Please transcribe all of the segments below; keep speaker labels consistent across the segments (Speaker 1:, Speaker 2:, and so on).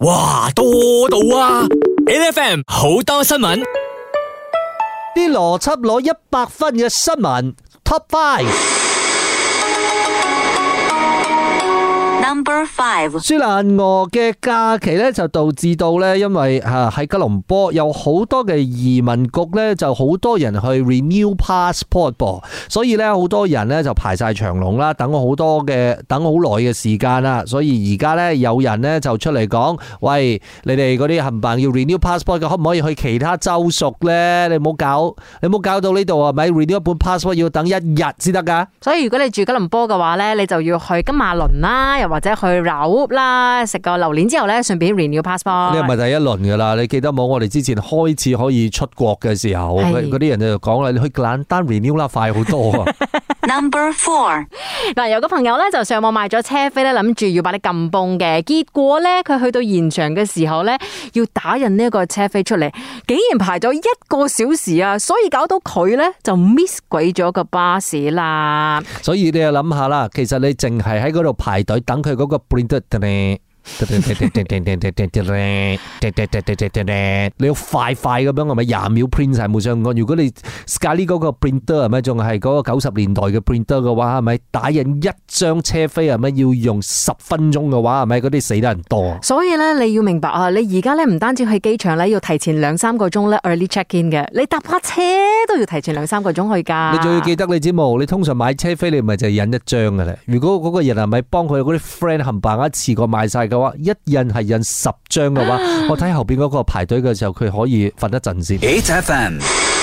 Speaker 1: 嘩，多到啊！NFM 好多新聞，啲邏輯攞一百分嘅新聞 top five。Number five，舒蘭娥嘅假期咧，就導致到咧，因為吓喺吉隆坡有好多嘅移民局咧，就好多人去 renew passport 噃，所以咧好多人咧就排晒長龍啦，等好多嘅，等好耐嘅時間啦。所以而家咧有人咧就出嚟講：，喂，你哋嗰啲冚唪唥要 renew passport 嘅？可唔可以去其他州屬咧？你唔好搞，你唔好搞到呢度啊！咪 renew 一本 passport 要等一日先得噶。所以如果你住吉隆坡
Speaker 2: 嘅話咧，你就要去金馬倫啦，又或。或者去紐啦，食個榴蓮之後咧，順便 renew passport。呢個唔係
Speaker 1: 第一輪噶啦？你記得冇？我哋之前開始可以出國嘅時候，嗰啲唉 人就講啦，你去簡單 renew 啦，快好多。
Speaker 2: Number four 嗱，有個朋友咧就上網買咗車飛咧，諗住要把你撳崩嘅，結果咧佢去到現場嘅時候咧，要打印呢一個車飛出嚟，竟然排咗一個小時啊，所以搞到佢咧就 miss 鬼咗個巴士啦。
Speaker 1: 所以你啊諗下啦，其實你淨係喺嗰度排隊等佢嗰個 print 你要快快咁樣係咪廿秒 print 晒冇上岸？如果你斯卡利嗰個 printer 係咪仲係嗰個九十年代嘅 printer 嘅話，係咪打印一張車飛係咪要用十分鐘嘅話，係咪嗰啲死得人多？
Speaker 2: 所以咧，你要明白啊！你而家咧唔單止去機場咧要提前兩三個鐘咧 early check in 嘅，你搭架車都要提前兩三個鐘去噶。你仲要記
Speaker 1: 得你知冇？你通常買車飛你咪就係印一張嘅咧。如果嗰個人係咪幫佢嗰啲 friend 冚唪唥一次過買晒嘅？一印係印十張嘅話，啊、我睇後邊嗰個排隊嘅時候，佢可以瞓一陣先。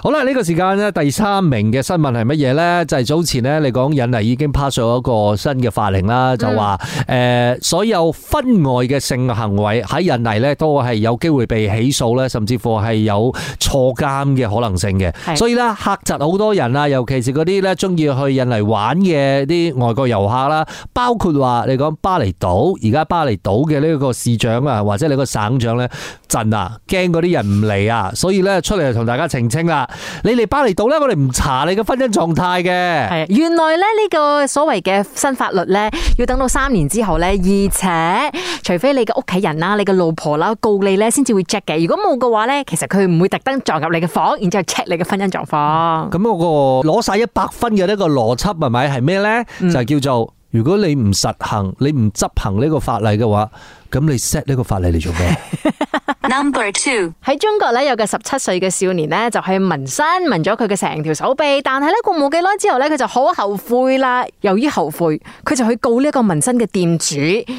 Speaker 1: 好啦，呢個時間咧，第三名嘅新聞係乜嘢呢？就係、是、早前咧，你講印尼已經 pass 咗一個新嘅法令啦，嗯、就話誒，所有婚外嘅性嘅行為喺印尼呢都係有機會被起訴咧，甚至乎係有坐監嘅可能性嘅。所以呢，吓窒好多人啊，尤其是嗰啲咧中意去印尼玩嘅啲外國遊客啦，包括話你講巴厘島，而家巴厘島嘅呢個市長啊，或者你個省長呢，震，啊，驚嗰啲人唔嚟，啊，所以呢，出嚟同。大家澄清啦！你嚟巴厘島咧，我哋唔查你嘅婚姻狀態嘅。係原來咧呢個所謂嘅新法律
Speaker 2: 咧，要等到三年之後咧，而且除非你嘅屋企人啦、你嘅老婆啦告你咧，先至會 check 嘅。如果冇嘅話咧，其實佢唔會特登撞入你嘅房，然之後 check 你嘅婚姻狀況。
Speaker 1: 咁嗰、嗯嗯嗯、個攞晒一百分嘅呢個邏輯係咪係咩咧？就係、叫做如果你唔實行、你唔執行呢個法例嘅話，咁你 set 呢個法例嚟做咩？
Speaker 2: Number two 喺中國咧，有個十七歲嘅少年咧，就去紋身，紋咗佢嘅成條手臂。但係咧，過冇幾耐之後咧，佢就好後悔啦。由於後悔，佢就去告呢一個紋身嘅店主，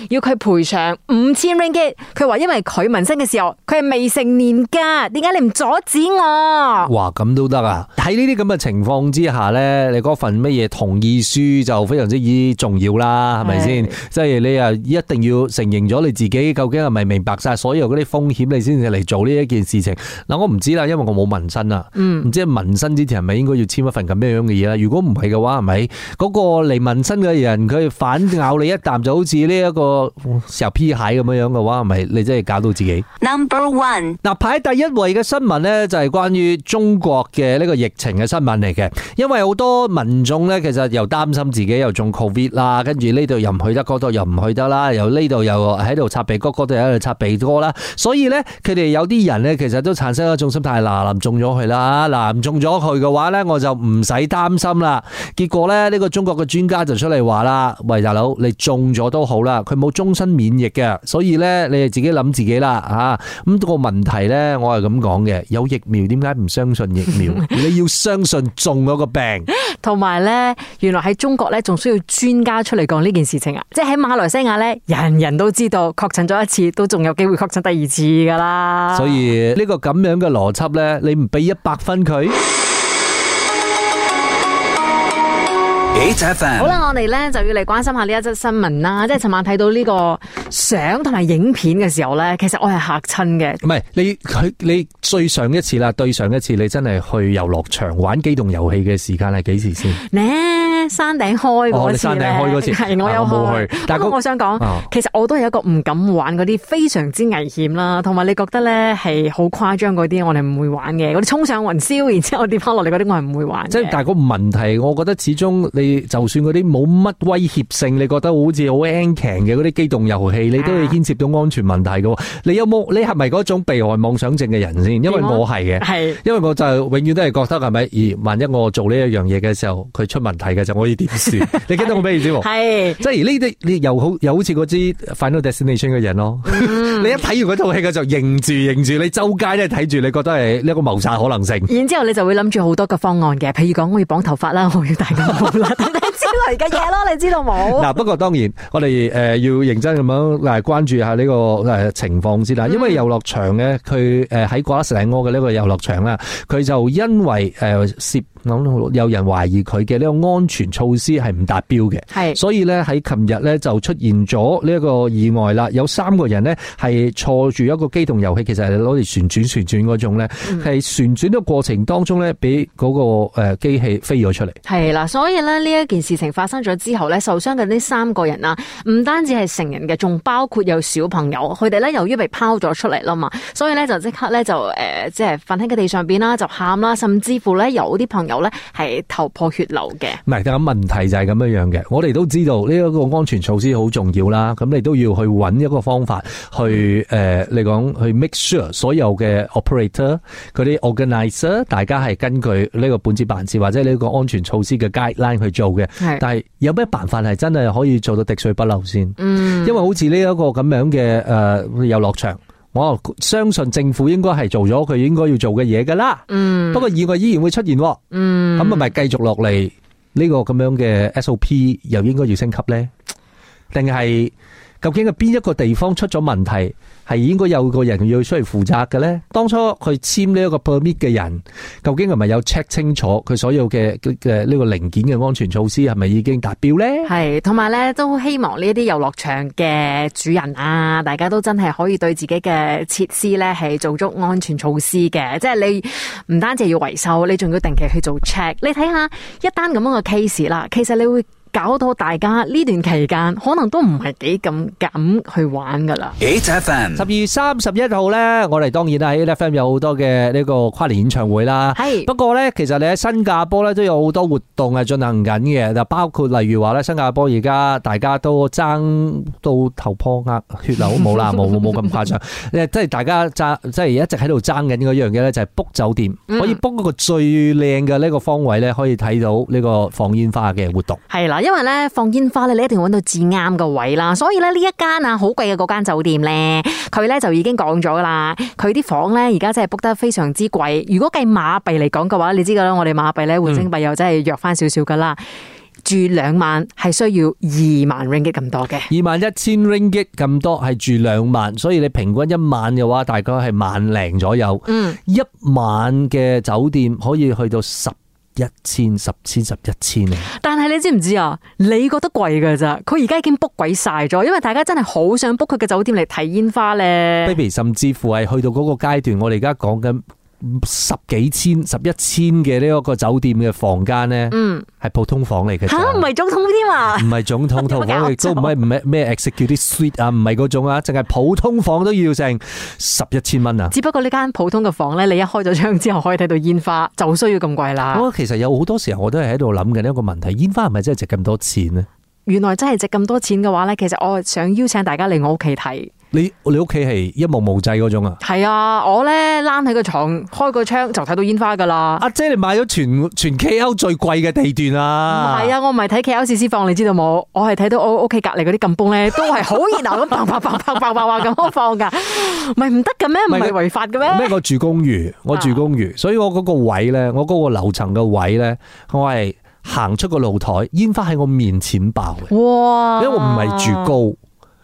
Speaker 2: 要佢賠償五千 ringgit。佢話因為佢紋身嘅時候，佢係未成年噶，點解你唔阻止我？
Speaker 1: 哇，咁都得啊！喺呢啲咁嘅情況之下咧，你嗰份乜嘢同意書就非常之重要啦，係咪先？即係、就是、你啊，一定要承認咗你自己究竟係咪明白晒所有嗰啲風險。你先至嚟做呢一件事情嗱、啊，我唔知啦，因為我冇紋身啊，唔、嗯、知係紋身之前係咪應該要簽一份咁樣樣嘅嘢啦？如果唔係嘅話，係咪嗰個嚟紋身嘅人佢反咬你一啖，就好似呢、這個哦、一個石油皮蟹咁樣樣嘅話，係咪你真係搞到自己？Number one，嗱，嗯、排第一位嘅新聞咧，就係、是、關於中國嘅呢個疫情嘅新聞嚟嘅，因為好多民眾咧，其實又擔心自己又中 COVID 啦，跟住呢度又唔去得嗰度又唔去得啦，又呢度又喺度擦鼻哥，嗰度又喺度擦鼻哥啦，所以。咧，佢哋有啲人咧，其實都產生一種心態，嗱，臨中咗佢啦，嗱，中咗佢嘅話咧，我就唔使擔心啦。結果咧，呢個中國嘅專家就出嚟話啦，喂，大佬，你中咗都好啦，佢冇終身免疫嘅，所以咧，你哋自己諗自己啦，吓。咁個問題咧，我係咁講嘅，有疫苗點解唔相信疫苗？你要相信中咗個病。同
Speaker 2: 埋呢，原來喺中國呢，仲需要專家出嚟講呢件事情啊！即係喺馬來西亞呢，人人都知道確診咗一次，都仲有機會確診第二次噶啦。所
Speaker 1: 以呢個咁樣嘅邏輯呢，你唔俾一百分佢？好啦，
Speaker 2: 我哋咧就要嚟關心下呢一則新聞啦。即係尋晚睇到呢個相同埋影片嘅時候咧，其實我係吓親
Speaker 1: 嘅。唔係你佢你最上一次啦，對上一次你真係去遊樂場玩機動遊戲嘅時間係幾時先咧？
Speaker 2: 呢山頂開嗰次咧，係我有去。
Speaker 1: 但係我想講，
Speaker 2: 其實我都有一個唔敢玩嗰啲非常之危險啦，同埋你覺得咧係好誇張嗰啲，我哋唔會玩嘅。我哋衝上雲霄，然之後跌翻落嚟嗰啲，我係唔會
Speaker 1: 玩。即係但係個問題，我覺得始終你就算嗰啲冇乜威脅性，你覺得好似好 engking 嘅嗰啲機動遊戲，你都係牽涉到安全問題噶。你有冇？你係咪嗰種被害妄想症嘅人先？因為我係嘅，係因為我就永遠都係覺得係咪？而萬一我做呢一樣嘢嘅時候，佢出問題嘅就。可以點算？你記得我咩意思？係 的，即係呢啲你又好，又好似嗰支《Final Destination》嘅人咯。嗯、你一睇完嗰套戲嘅就認住認住，你周街咧睇住，你覺得係呢一個謀殺可能性。
Speaker 2: 然之後你就會諗住好多嘅方案嘅，譬如講我要綁頭髮啦，我要戴金帽啦，等等之類嘅嘢咯。你知道冇？嗱、
Speaker 1: 嗯啊，不過當然我哋誒、呃、要認真咁樣嚟關注下呢個誒情況先啦。因為遊、這個、樂場咧，佢誒喺瓜石尼窩嘅呢個遊樂場啦，佢就因為誒、呃、涉。有人懷疑佢嘅呢個安全措施係唔達標嘅，係是，所以咧喺琴日咧就出現咗呢個意外啦。有三個人咧係坐住一個機動遊戲，其實係攞嚟旋轉旋轉嗰種咧，係、嗯、旋轉嘅過程當中咧，俾嗰個誒機器飛咗出嚟。
Speaker 2: 係啦，所以咧呢一件事情發生咗之後咧，受傷嘅呢三個人啊，唔單止係成人嘅，仲包括有小朋友。佢哋咧由於被拋咗出嚟啦嘛，所以咧就即刻就、呃、即刻咧就誒即係瞓喺個地上邊啦，就喊啦，甚至乎咧有啲朋友有咧，係頭破血流
Speaker 1: 嘅。唔係，但係問題就係咁樣樣嘅。我哋都知道呢一個安全措施好重要啦。咁你都要去揾一個方法去誒、呃，你講去 make sure 所有嘅 operator、嗰啲 organizer，大家係根據呢個本子辦事或者呢個安全措施嘅 guideline 去做嘅。係，但係有咩辦法係真係可以做到滴水不漏先？嗯，因為好似呢一個咁樣嘅誒、呃、遊樂場，我相信政府應該係做咗佢應該要做嘅嘢噶啦。嗯。不過意外依然會出現，嗯，咁係咪繼續落嚟呢個咁樣嘅 SOP 又應該要升級咧？定係？究竟係邊一個地方出咗問題，係應該有個人要出嚟負責嘅咧？當初佢簽呢一個 permit 嘅人，究竟係咪有 check 清楚佢所有嘅嘅呢個零件嘅安全措施係咪已經達標咧？
Speaker 2: 係，同埋咧都希望呢一啲遊樂場嘅主人啊，大家都真係可以對自己嘅設施咧係做足安全措施嘅，即係你唔單止要維修，你仲要定期去做 check。你睇下一單咁樣嘅 case 啦，其實你會。搞到大家呢段期間可能都唔係幾咁敢去玩噶啦。Eight FM
Speaker 1: 十二月三十一號咧，我哋當然啦喺 Eight FM 有好多嘅呢個跨年演唱會啦。係不過咧，其實你喺新加坡咧都有好多活動係進行緊嘅。嗱，包括例如話咧，新加坡而家大家都爭到頭破額血流冇啦，冇冇冇咁誇張。即係大家爭，即係一直喺度爭緊嗰樣嘢咧，就係 book 酒店，可以 book 個最靚嘅呢個方位咧，可以睇到呢個放煙花嘅活動。
Speaker 2: 係啦。因為咧放煙花咧，你一定要揾到至啱個位啦，所以咧呢一間啊好貴嘅嗰間酒店咧，佢咧就已經講咗啦，佢啲房咧而家真係 book 得非常之貴。如果計馬幣嚟講嘅話，你知道啦，我哋馬幣咧換星幣又真係弱翻少少噶啦。住兩晚係需要二萬 ringgit 咁
Speaker 1: 多嘅，二萬一千 ringgit 咁多係住兩晚，所以你平均一晚嘅話，大概係萬零左右。嗯，一晚嘅酒店可以去到十。一千十千十一千啊！
Speaker 2: 但係你知唔知啊？你覺得貴㗎咋？佢而家已經 book 鬼晒咗，因為大家真係好想 book 佢嘅酒店嚟睇煙花咧。
Speaker 1: Baby，甚至乎係去到嗰個階段，我哋而家講緊。十幾千、十一千嘅呢一個酒店嘅房間咧，嗯，係普通房嚟嘅，吓唔
Speaker 2: 係總統啲嘛？
Speaker 1: 唔係總統套房裡，亦 都唔係唔係咩 exquisite suite 啊，唔係嗰種啊，淨係普通房都要成十一千蚊啊！只
Speaker 2: 不過呢間普通嘅房咧，你一開咗窗
Speaker 1: 之後可以睇到煙花，就需要咁貴啦。我其實有好多時候我都係喺度諗緊呢一個問題：煙花係咪真係值咁多錢呢？
Speaker 2: 原來真係值咁多錢嘅話咧，其實我想邀請大家嚟我屋企睇。
Speaker 1: 你你屋企係一望無際嗰種啊？係
Speaker 2: 啊，我咧躝喺個床，開個窗就睇到煙花噶啦。
Speaker 1: 阿姐，你買咗全全 K O 最貴嘅地段啊？唔係啊，
Speaker 2: 我唔係睇 K O 試先放，你知道冇？我係睇到我屋企隔籬嗰啲禁崩咧，都係好熱鬧咁爆爆爆爆咁樣放噶，咪唔得嘅咩？唔係
Speaker 1: 違法嘅咩？咩？我住公寓，我住公寓，所以我嗰個位咧，我嗰個樓層嘅位咧，我係行出個露台，煙花喺我面前爆。哇！因為我唔係住高。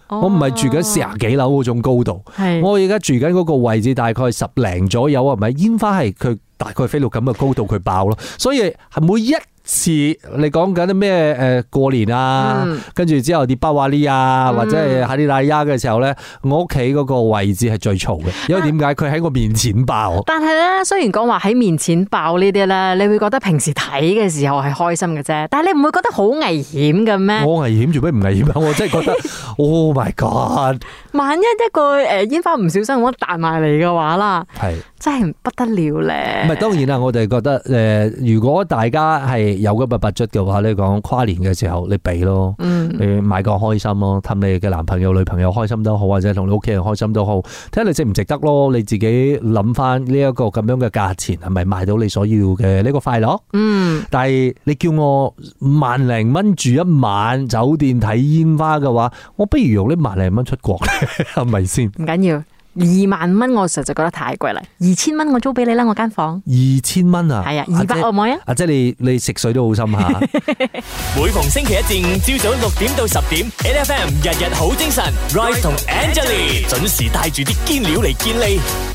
Speaker 1: 我唔係住緊四廿幾樓種高度，係、哦、我而家住緊個位置大概十零左右啊，咪煙花係佢大概飛到咁嘅高度佢爆咯，所以係每一。似你講緊啲咩誒，過年啊，跟住之後啲巴瓦利亞或者係哈利拉雅嘅時候咧，嗯、我屋企嗰個位置係最嘈嘅，因為點解佢喺我面前爆？
Speaker 2: 但係咧，雖然講話喺面前爆呢啲咧，你會覺得平時睇嘅時候係開心嘅啫，但係你唔會覺得好危險嘅咩？我
Speaker 1: 危險做咩唔危險啊？我真係覺得 ，Oh my God！
Speaker 2: 萬一一個誒煙花唔小心我彈埋嚟嘅話啦，係是真係不得了咧。唔係當
Speaker 1: 然啦、啊，我哋覺得誒，如果大家係。有嗰筆筆出嘅話，你講跨年嘅時候，你俾咯，你買個開心咯，氹你嘅男朋友女朋友開心都好，或者同你屋企人開心都好，睇下你值唔值得咯。你自己諗翻呢一個咁樣嘅價錢係咪買到你所要嘅呢個快樂？嗯，但係你叫我萬零蚊住一晚酒店睇煙花嘅話，我不如用呢萬零蚊出國，係咪先？唔緊要。
Speaker 2: 二萬蚊我實在
Speaker 1: 覺得太貴啦，
Speaker 2: 二千蚊我租俾你啦，我間房間。
Speaker 1: 二千蚊啊？係啊的，二百我唔應。阿、啊、姐、啊、姐你你食水都好深吓。 每逢星期一至五朝早六點到十點，N F M 日日好精神，Right Right 同 Angeline 準時帶住啲堅料嚟見你。